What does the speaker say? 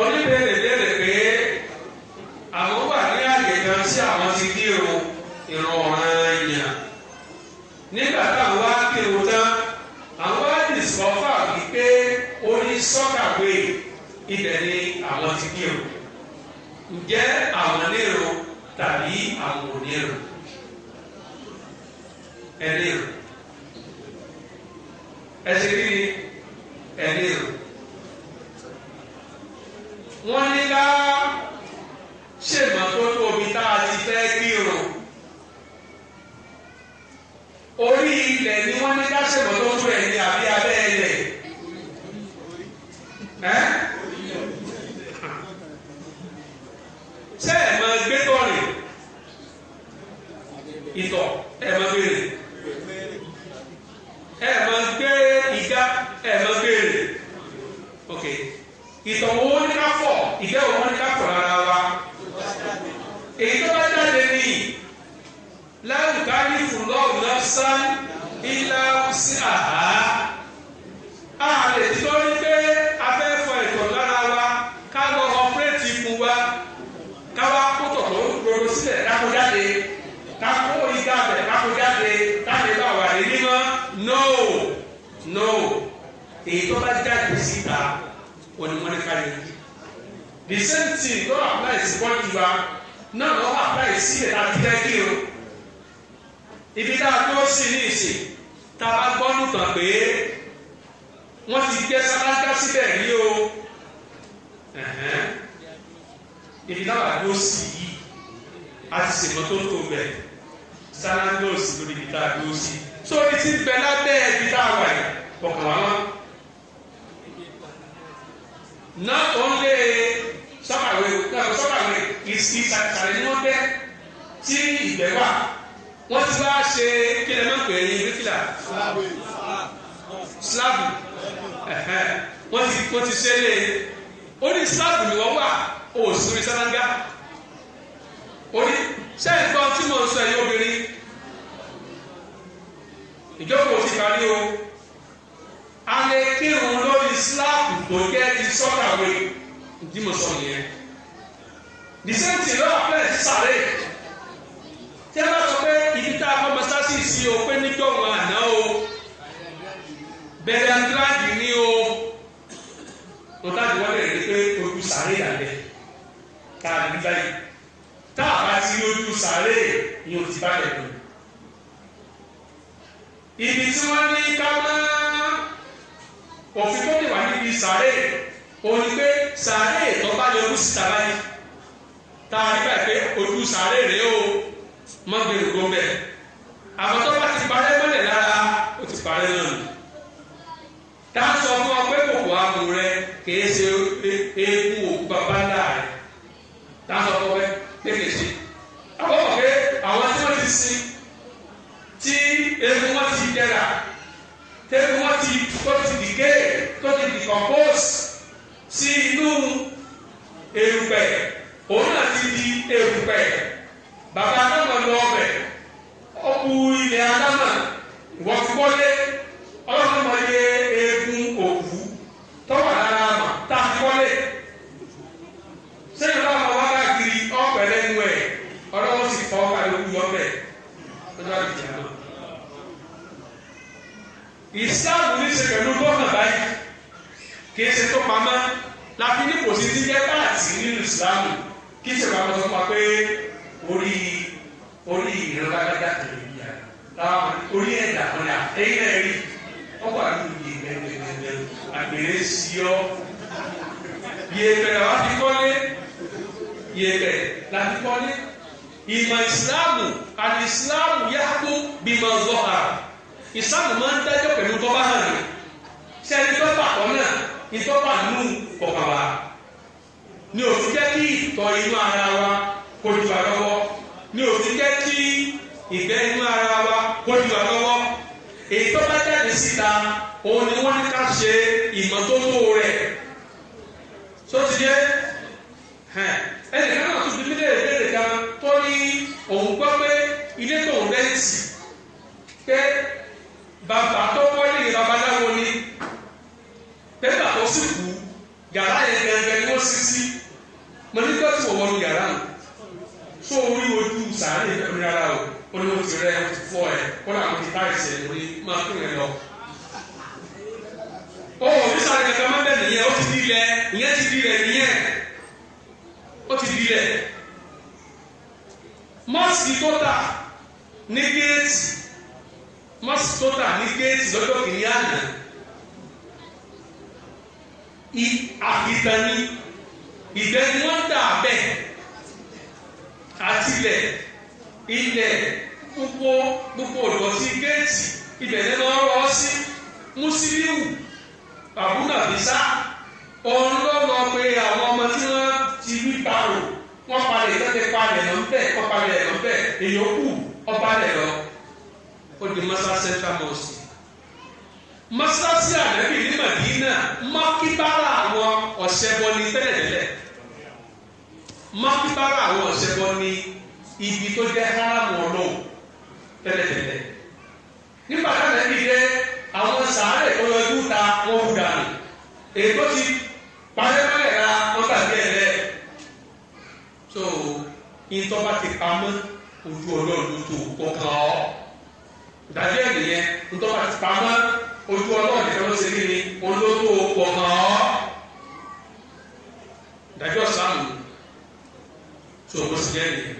oníbẹ̀rẹ̀ bẹ̀rẹ̀ pé àwọn wà ní àyè kan sí àwọn ti dé o ìrọ̀ ọ̀ràn yàn nígbà táwọn wá kéwò tán àwọn wá dìsọ́fà wípé orí sọ́kàwé ibẹ̀ ni àwọn ti dé o ǹjẹ́ àwọn nírò tàbí àwọn ò nírò ẹ nírò ẹ ṣe kí ni ẹ nírò wọ́n ní ká ṣèmọ́tótó omi tá a ti fẹ́ kírun orí ilẹ̀ ni wọ́n ní ká ṣèmọ́tótó ẹ̀ ní àbí abẹ́ ilẹ̀ ẹ́ ṣé ẹ̀ máa gbé tọ̀ rìn ìtọ̀ ẹ̀ máa gbé rìn. ìjẹ́ òun ní kápọ̀ lára wa èyí tó bá jáde ní láwùká ní fúlọ́ọ̀lù lọ́sán ilá sí àhá a lè tí ó ní pé a fẹ́ fọ ẹ̀tọ́ lára wa ká lọ ọ̀pẹ́rẹ́tì fún wa ká wá kó tọ̀tọ̀ gbogbo sílẹ̀ kákó jáde kákó ìdá abẹ kákó jáde káde bá wà ní mímọ́ no no èyí tó bá jáde síta onímọ̀nìkà yẹn the same thing don apply sí pọ́ńtù wa náà lọ́wọ́ apply sí ìlà títẹ́ kí o ibi tá a tó sí ní ìsìn tá a bá gbọ́ nùtàn pé wọ́n ti gbé sálágá síbẹ̀ rí o ibi táwọn àdó sí yìí a ti ṣèmọ́tótó bẹ̀ sálágá ò sí lórí ibi tá a dó sí so ibi tí ń bẹ lábẹ́ ibi tá a wà yìí ọ̀kan wá wá. not only sọ́kàwé náà sọ́kàwé ìsàlẹ̀ ni wọ́n bẹ́ tí ìgbẹ́ wà wọ́n ti wá ṣe kí lè má pè é bíkìlà slavu wọ́n ti wọ́n ti ṣe lé ó ní slavu ni wọ́n wà ó sórí sálángá ó ní sẹ́yìn kan tí mò ń sọ ẹ̀yìn obìnrin ìjọba òsì parí o a lè kírun lórí slavu tó jẹ́ ti sọ́kàwé. Di mo sọ Di disẹ́ntì lọ́wọ́ fẹ́ẹ́ sáré tí a bá sọ pé ibi tá a fọ́ mọ́sáàsì sí o pé níjọ́wọ́ àná o bẹ̀rẹ̀ àdúrádì ní o lọ́tàdì wọlé rẹ̀ pé ojú sáré yàgbẹ́ tá a ní báyìí tá a bá ti ojú sáré ni o ti bá yẹ̀ lọ. ibi tí wọ́n ní òfin tó lè wà níbi sáré òun ni pé sàárè tó bá yọjú síta báyìí tá a nígbà pé ojú sàárè rèé o mọ́gbìnrin gbọ́mbẹ́ àmọ́ tó bá ti parẹ́ mọ́lẹ̀ lára ó ti parẹ́ náà nù tá a sọ fún ọ pé kòkò ààbò rẹ kìí ṣe eégún òkú bàbá ńlá rẹ tá a sọ fún ọ pé kéèké ṣe àbọ̀wọ̀ pé àwọn tí wọ́n ti sin. erùpẹ̀ òun náà ti di erùpẹ̀ bàbá adámọ̀ lọ ọbẹ̀ ọkù ilẹ̀ adámọ̀ ìwọ́síwọ́lé ọlọ́mọ yẹ eegun òkú tọ́wọ̀ lára mà tá a fọ́lé sẹ́yìn bá wọn wá káàkiri ọ̀pẹ̀ lẹ́nu ẹ̀ ọlọ́wọ́ sì fọ́ àlòkù yọ̀bẹ̀ lọ́jọ́ àdìjẹ́ náà. ìsáàbù ní sèkẹ̀lú bọ́ọ̀nà báyìí kì í ṣe tó pamọ́ láfi ní kò sí ti jẹ́ páàtì nínú ìsìlámù kí ìṣèlú àwọn ọmọ pé orí orí ìrora gbẹdà tẹ̀lé bí i àwọn orí ẹ̀dà ọ̀nà ẹ̀yìn náà rí ọkọ̀ àdúgbò yìí gbẹgbẹgbẹ àgbèrè sí ọ yẹ̀pẹ̀ láti kọ́lé yẹ̀pẹ̀ láti kọ́lé ìmọ̀ ìsìlámù àti ìsìlámù yàtò bímọ zọ́ha ìsìlámù máa ń dájọ́ pẹ̀lú tọ́ba hàn ní sẹ́ni tọ́ba kọ́ náà ìtọ́ba nù ọkàn wa ni ó sì jẹ́ kí ìtọ̀ inú ara wa kó ju wa lọ́wọ́ ni ó sì jẹ́ kí ìgbẹ́ inú ara wa kó ju wa lọ́wọ́ èyí tó bá jáde síta òun ni wọ́n ní ká ṣe ìmọ́tótó rẹ̀ tó ti jẹ́ ẹnìkan náà tún fi mílíọ̀nù ìbéèrè kan tó ní òun gbọ́ pé ilé tóun rẹ́ǹtì pé bàbá tó wọlé babaláwo ni pé bàbá tó sì kú yàrá yẹn gẹ́gẹ́ ni wọ́n sisi mo ní pẹ́ tí wọ́n wọ́n yàrá mi tó o rí ojú sàárè ìfẹ́ mi rárá o ó ní wọ́n ti rẹ́ wọ́n ti fọ́ ẹ̀ wọ́n làwọn ti bá ìṣẹ̀ lórí máa kún yẹn lọ. ó wọ̀ bí sàárè kankan máa bẹ̀ nìyẹn ó ti di ilẹ̀ ìyẹn ti di ilẹ̀ nìyẹn ó ti di ilẹ̀. mọ́sìkì tó tà ní géètì mọ́sìkì tó tà ní géètì lọ́jọ́ kìnìún àná i ni ìgbẹ́ ni wọ́n dà bẹ́ẹ̀ àtìlẹ̀ ilẹ̀ gbogbo gbogbo ọ̀dọ̀tí géètì ibẹ̀ ni wọ́n rọ́ sí mùsílíù àbúnàbísà òun ló lọ pé àwọn ọmọ tí wọ́n ti rí parò wọ́n palẹ̀ ìtọ́jú palẹ̀ lọ bẹ́ẹ̀ kọ́ palẹ̀ lọ bẹ́ẹ̀ èyókù ọba lẹ̀ lọ ó di mọ́sá central mosque mọ́sálásí ànábì ní Màdínà mọ́kíbára àwọn ọ̀ṣẹ́bọ ní makibara mọ́kíbára àwọn ọ̀ṣẹ́bọ ní ibi tó jẹ́ hárámù ọlọ́wọ́ tẹ́lẹ̀tẹ́lẹ̀ nígbà táwọn ẹbí dé àwọn sàárẹ̀ tó yọjú ta wọ́n wù dànù èkó ti parẹ́mẹ́rẹ́ ra wọ́n gbàgbé ẹ̀ lẹ́ so ìtọ́ba ti pamọ́ ojú ọlọ́run tó kọ̀ọ̀kan ọ́ dàbí ẹ̀ nìyẹn ìtọ́ba ti pamọ́ ojú ọlọ́run nìkan ló ṣe kí ni olówó ọmọ ọ́ dájọ́ sáàmù tó o kó sí lẹ́yìn.